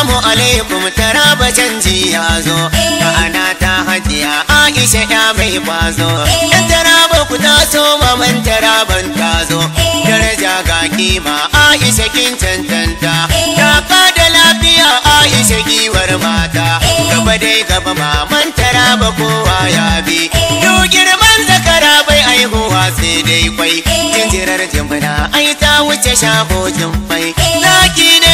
Assalamu alaikum taraba canji ya zo ana ta hajiya Aisha ya mai bazo dan taraba ku ta taso maman taraban ta zo daraja ga kima Aisha kin cancanta ta ka da lafiya Aisha giwar mata gaba dai gaba maman taraba kowa ya bi duk girman zakara bai aihuwa sai dai kwai jinjirar jimna ai ta wuce shago jimfai zaki ne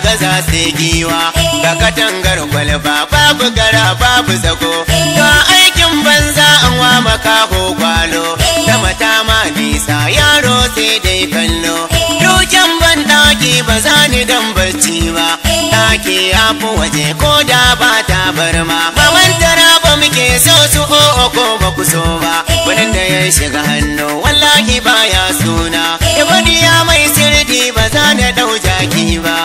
gaza sai giwa ga katangar kwalba babu gara babu zago don aikin banza an wa maka kwalo da mata ma bisa yaro sai dai kallo dukan ban daki ba za ni dan barci ba daki ya waje ko da ba ta barma baban tara ba muke so su o ko ba ku so ba wani da ya shiga hannu wallahi ya suna ya mai sirri ba za na dau jaki ba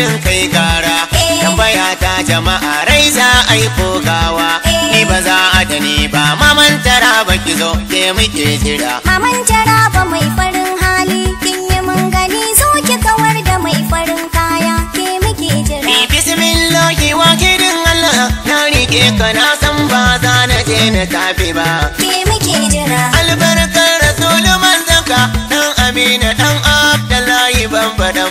ganin kai gara tambaya ta jama'a rai za a yi fogawa ni ba za a da ni ba maman tara ba ki zo ke muke jira maman tara ba mai farin hali kin yi mun gani zo ki kawar da mai farin kaya ke muke jira ni bismillahi wa kidin Allah na rike ka na san ba za na je na tafi ba ke muke jira albarka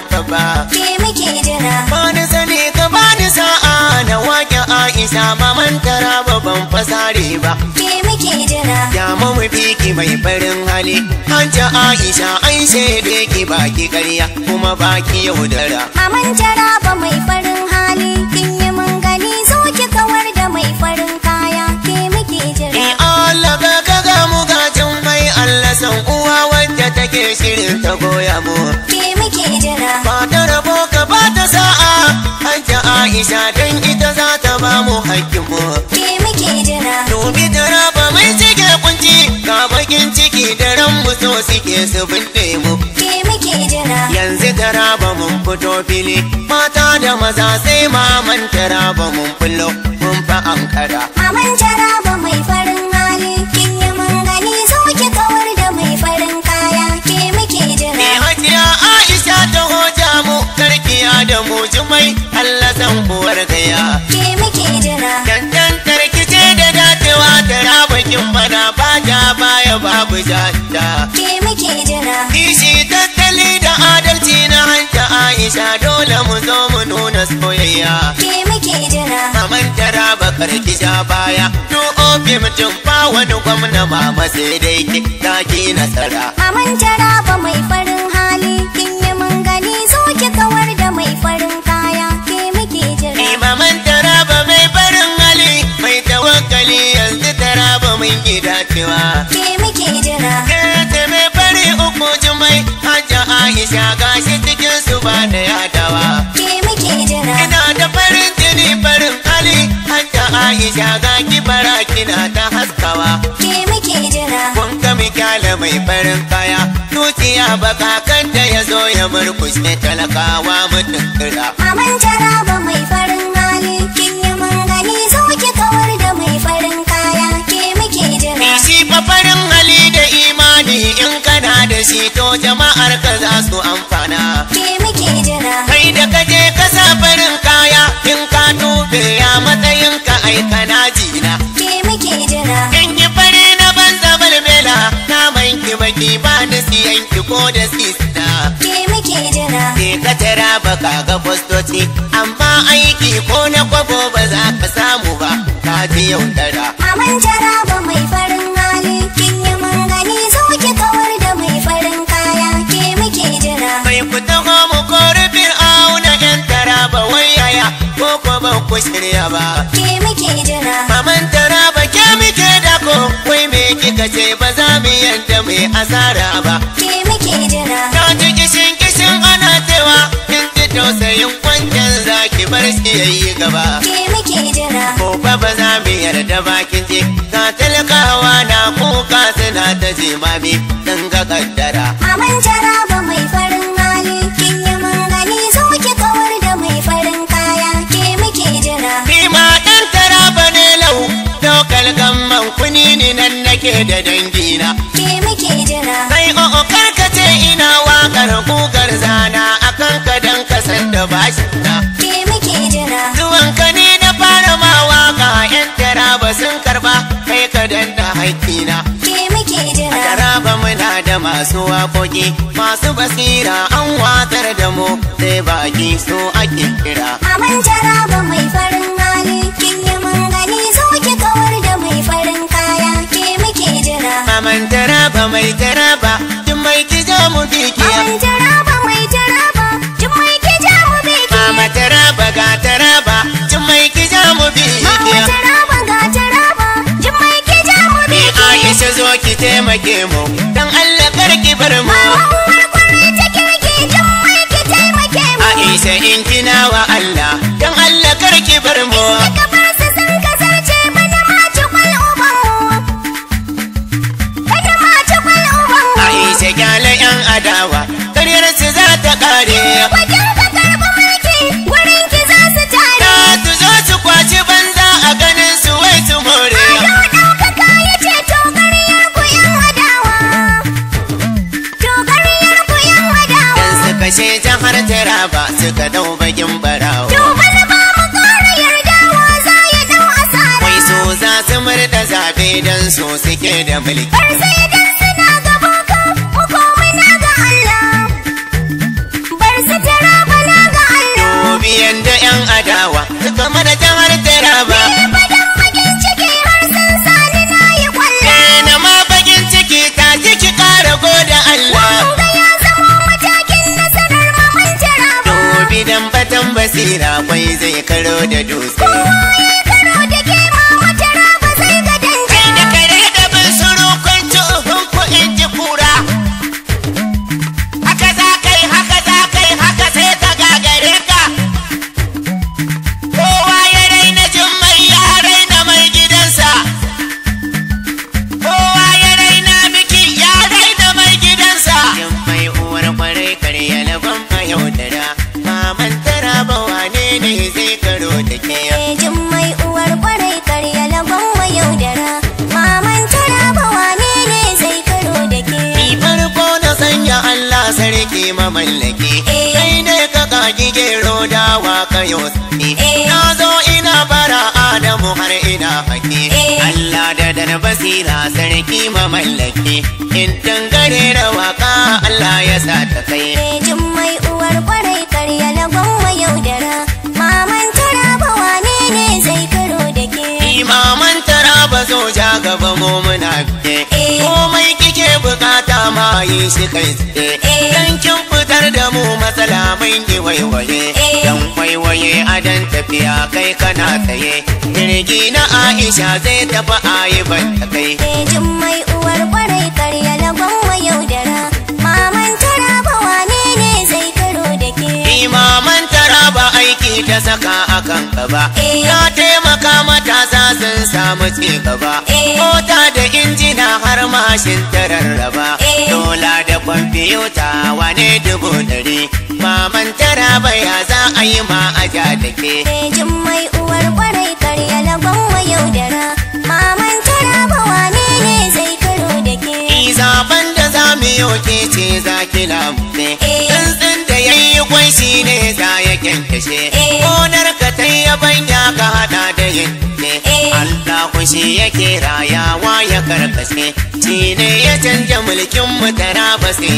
ka ba ke muke jira bani sani ka bani sa'a na waƙe Aisha maman tara ban fasare ba ke muke jira ya bi ki mai farin hali hajja Aisha ai sai ki baki ƙarya kuma baki yaudara aman tara ba mai farin hali kin yi mun gani zo ki kawar da mai farin kaya ke muke jira eh Allah ka ga mu gajin mai Allah san uwa wadda take shirin ta goya mu jira ta rabo ka ba ta sa'a ta aisha dan ita za ta ba mu hakkin mu ke muke jira domin jira ba mai cike kunci ga bakin ciki da ran mu so suke su binne mu ke muke jira yanzu tara ba mun fito fili mata da maza sai maman tara ba mun fullo mun fa ankara maman tara gaya ke muke jira dandan karkice da dacewa da rabakin mana ba ja baya babu jata ke muke jira kishi tattali da adalci na hanta aisha dole mu zo mu nuna soyayya ke muke jira kamar tara bakar ja baya to ofe mutum ba wani gwamna mama sai dai ke ta ki nasara aman tara mai farin hali cewa ke muke jira ke me bari uku jumai hajja aisha gashi cikin su ba da yadawa ke muke jira ina da farin jini farin hali hajja aisha ga kibara kina ta haskawa ke muke jira kun ga mikyala mai farin kaya Tuciya baka kan da ya zo ya murkushe talakawa mutum kira aman jaraba mai farin amfana ke muke jira kai da kaje ka sa farin kaya in ka tube ya matsayin ka aika na jina ke muke jira Kin ki fare na banza balbela na mai ki baki ba da siyan ki ko da sista ke muke jira ke ka tara ka ga fostoci amma aiki ko na kwabo ba za ka samu ba ka ji yaudara aman jara shirya ba. Ke muke jira. Maman tara ba ke muke dako, wai me kika ce ba za mu yadda mu asara ba. Ke muke jira. Ta ji kishin kishin ana cewa, kin ji tausayin za zaki bar shi yayi gaba. Ke muke jira. Gobe ba za mu yarda ba kin ji, ka talakawa na kuka suna ta jimami, dan ga kaddara. Maman da dangina ke muke jira o o oh, oh, karkace ina wakar kugar zana akan ka kasar da bashin na ke muke jira zuwan ka na fara ma waka yan tara ba sun karba kai ka dan da haƙƙina ke muke jira tara muna da masu waƙoƙi masu basira an watar da mu jaraba mai jaraba jin mai ki ja mu bikiya mai jaraba mai jaraba jin mai ki ja mu bikiya mama jaraba ga jaraba jin mai ki ja mu bikiya mama jaraba ga jaraba jin mai ki ja mu bikiya Aisha zo ki taimake mu dan Allah kar ki bar mu Aisha in kina wa Allah don Allah kar ki bar mu bakin barawo to bana ba mu kara yarda wa za ya dau asara wai so za su murda zabe dan su suke da mulki bar sai basira kwai zai karo da dutse sarki mamallaki eh. kai ne ka kaki gero dawa ka yosi eh. na zo ina fara adamu har ina haki eh. Allah da dan basira sarki mamallaki in dangare da waka Allah ya sa ta kai jin mai uwar kwarai karya na da yaudara maman taraba wane ne zai karo da ke maman taraba zo ja gaba mu muna ke. komai kike bukata ma yi shi kai tsaye eh. dan kin fitar da mu matsala mun yi waiwaye eh. dan waiwaye a dan tafiya kai kana tsaye jirgi na Aisha zai tafi ayi ban ta kai eh, jin mai uwar kwarai karya lagon da yaudara maman ba wane ne zai karo da ke maman ba aiki ta saka akan gaba ya taimaka matasa sun samu ci gaba jina har mashin ta rarraba eh. dola da kwamfiyuta wane dubu ɗari maman tara baya za a yi ma a ja da ke jin mai uwar kwarai karya lagon wa yaudara maman tara ba wane ne zai karo da ke zaben da za mu yi ke ce za ki lamfe eh. tsantsan da yayi yi kwai shi ne za ya kyankyashe eh. gonar ka ta yi yabanya ka hada da yin shi yake rayawa ya karkase shi ne ya canja mulkin mu ta rabase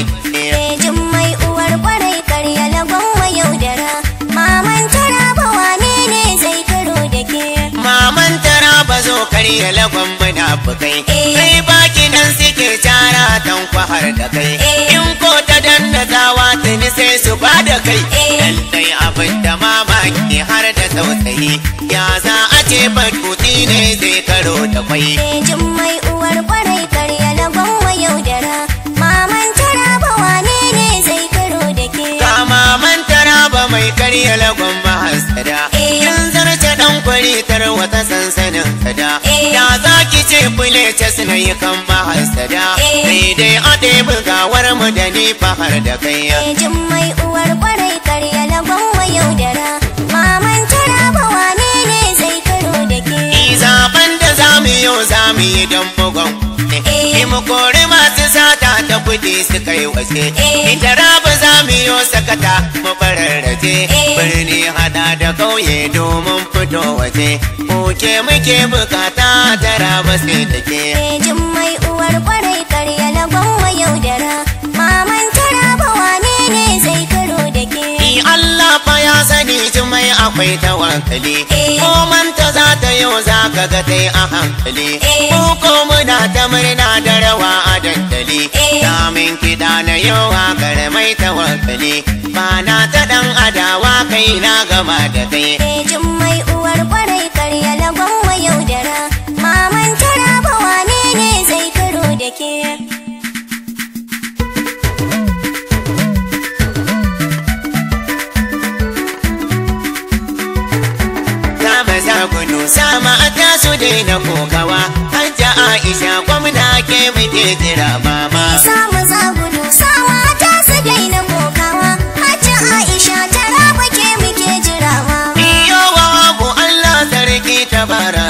jin mai uwar kwarai karya lagon wa yaudara maman taraba wane ne zai karo da ke maman taraba zo karya lagon muna bukai eh. kai baki nan suke tara don kwahar da kai eh. in ko ta danna zawa tuni sai su ba da kai eh. lallai abin da mamaki har da tausayi ya za ashe batutsi ne zai karo da kwai jin mai uwar kwarai karya lagon wa yaudara maman taraba wane ne zai karo da ke ga maman taraba mai karya lagon mahasada eh. kin zarce dan kwalitar tarwata sansanin sada eh. da za ki ce fule ce suna yi kan mahasada eh. dai a ɗaya bugawar mu da ni fahar da kai jin mai uwar kwarai karya lagon za mu yi don bugon Ni eh. mu kori masu sata ta kudi su kai waje eh. Ni jarabu za mu yi sakata mu bararraje eh. Birni hada da kauye domin fito waje ke muke bukata tara rabu sai da ke Jummai uwar kwarai karya lagon yi jimai akwai tawakkali eh. ko ta za ta yau za ka ga a hankali ko eh. ko muna ta murna da rawa a dandali eh. damin kiɗa na yau a karamai tawakkali ba na ta ɗan adawa kai na gama da kai jimai uwar kwarai karya lagon wa yaudara maman tara ba wane ne zai karo da ke daina kokawa hajja aisha gwamna ke muke jira mama samu zagu dusawa ta su daina kokawa hajja aisha ta raba ke muke jira mama iyo wa wabu allah sarki ta bara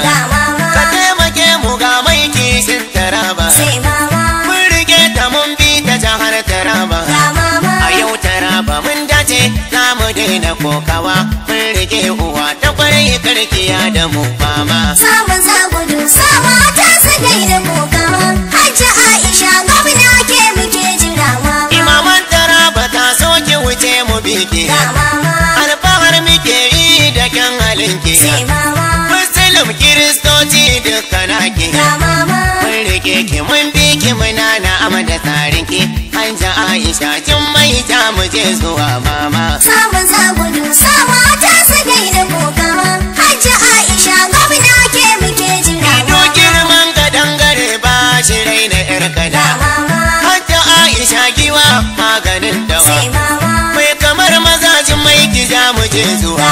ka taimake mu ga mai kishin taraba sai mama mun rike ta mun bi ta jahar taraba a yau taraba mun dace za mu daina kokawa mun rike uwa ta rikiya da mu fama. Samun zagudu sawa ta su da kokawa. Hajji Aisha gwamna ke muke jirawa. Imaman taraba ta soke wuce mu biki. Alfahar muke yi da kyan halin Sai mama. Musulun Kiristoci duka na Mun rike ki mun bi ki muna na'ama da tsarin ki. Hajji Aisha kin mai ta mu je zuwa mama. Samun zagudu sawa ke zuwa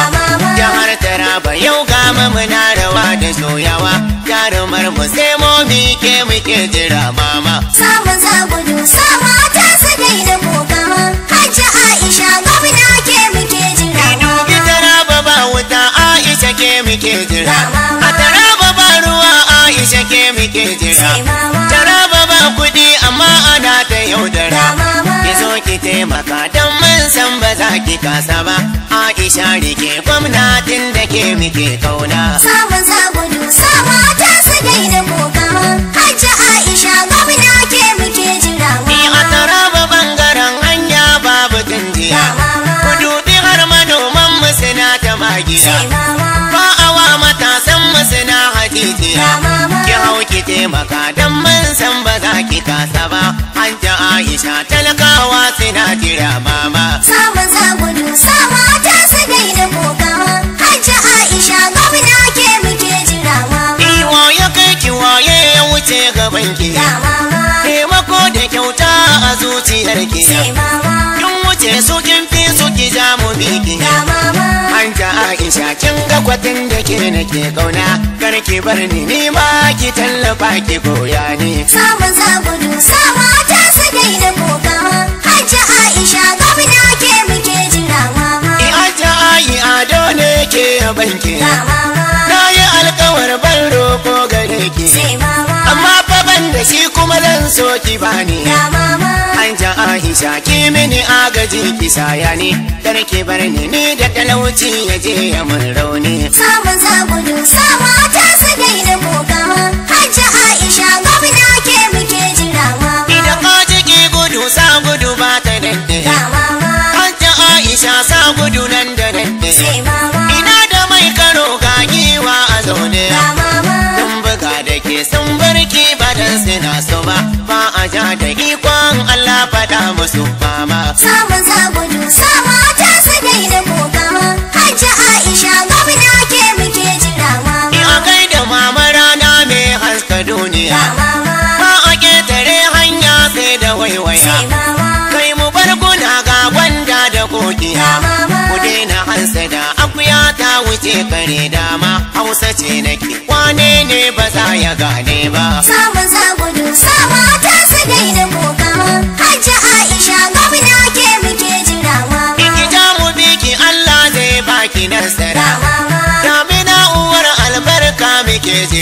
jihar taraba yau ga na rawa da soyawa jarumar mu sai momi ke muke jira mama samun zagudu sama ta su daina kokama hajji aisha gwamna ke muke jira mama taraba ba wuta aisha ke muke jira mama ki kasa ba Aisha ke gwamnatin da ke muke kauna Samun sabulu dusa ta su daina kokawa Hajji Aisha gwamna ke muke jirawa Ni a taraba bangaren hanya babu tunjiya Ku dubi har manoman mu suna ta magiya Ba a wa matasan mu suna hadijiya ki hau ki taimaka don mun san ba za ki kasa ba an ta aisha talakawa suna jira mama sarki kin wuce su kin fi su ki mu biki an ja Aisha kin ga kwatin da ke nake kauna karki bar ni ni ma ki tallafa ki goya ni samu zagudu sama ta su da kokawa hajja Aisha gwamna ke muke jira mama eh, hajja Ayi ado ne ke banki na yi alkawar ban roko gare ki amma fa ban da shi kuma zan so ki bani ya mama anja aisha ki mini agaji ki saya ne karke bar ni ni da talauci ya je ya mun rauni samun ne sama ta su da boga hajja aisha gwamna ke muke jira mama idan ka ki gudu sa gudu ba ta dadde hajja aisha sa gudu nan da dadde ina da mai karo ga giwa a zaune sun buga da ke sun barki badan suna so ba ba a ja da iko don Allah faɗa musu fama. samun zabudu sama ta su da kokama hajji Aisha gwamna ke muke jira mama ina kai da mama rana mai haska duniya ba a ƙetare hanya sai da waiwaya kai mu bar guna ga gwanda da kokiya ku daina hansada akuya ta wuce kare dama hausa ce nake wane ne ba za ya gane ba samun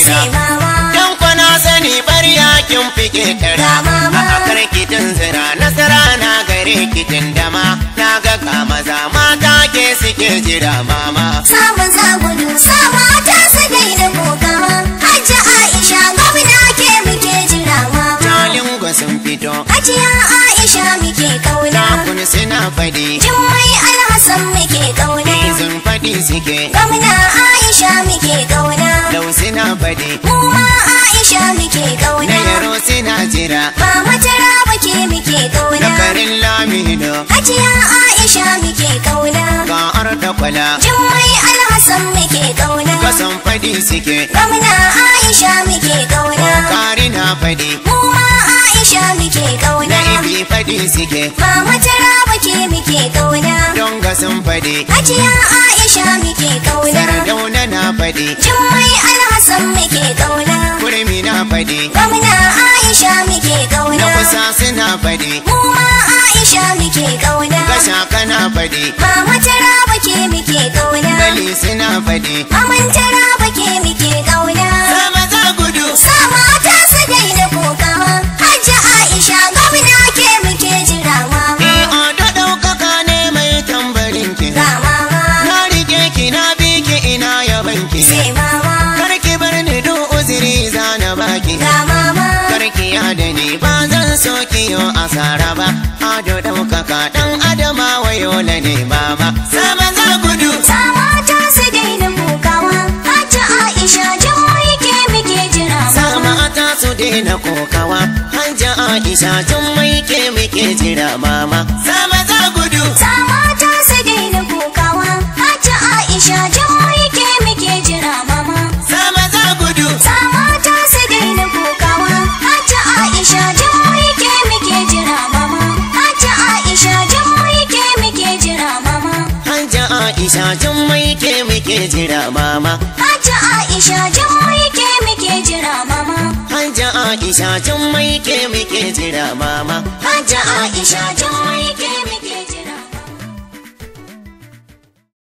isa yan kwana sani bari kin fike kara a akar kitin zira nasara na gare kitin dama na ga zama ta ke suke jira mama samun zagudu sama samira ba jira muke muke kauna da karin lamido hajiya aisha muke kauna ga'ar da kwala jummai alhassan muke kauna kasan fadi suke gamna aisha muke kauna karina fadi mu ma aisha muke kauna da ibi fadi suke ba jira muke muke kauna don gasan fadi hajiya aisha muke kauna sardauna na fadi jummai alhassan muke kauna kurmi na fadi gamna kana fadi Aisha muke kauna gasha kana fadi ba mata rabu ke muke kauna bali suna fadi amantara Aisha tun mai ke muke jira mama. Sama za gudu. Sama ta su daina kokawa. Hajji Aisha tun mai ke muke jira mama. Sama za gudu. Sama ta su daina kokawa. Hajji Aisha tun mai ke muke jira mama. Hajji Aisha tun mai ke muke jira mama. Hajji Aisha tun mai ke muke jira mama. Hajji Aisha tun mai ke muke jira mama. Hajji Aisha tun mai muke jira mama haja Aisha Jumai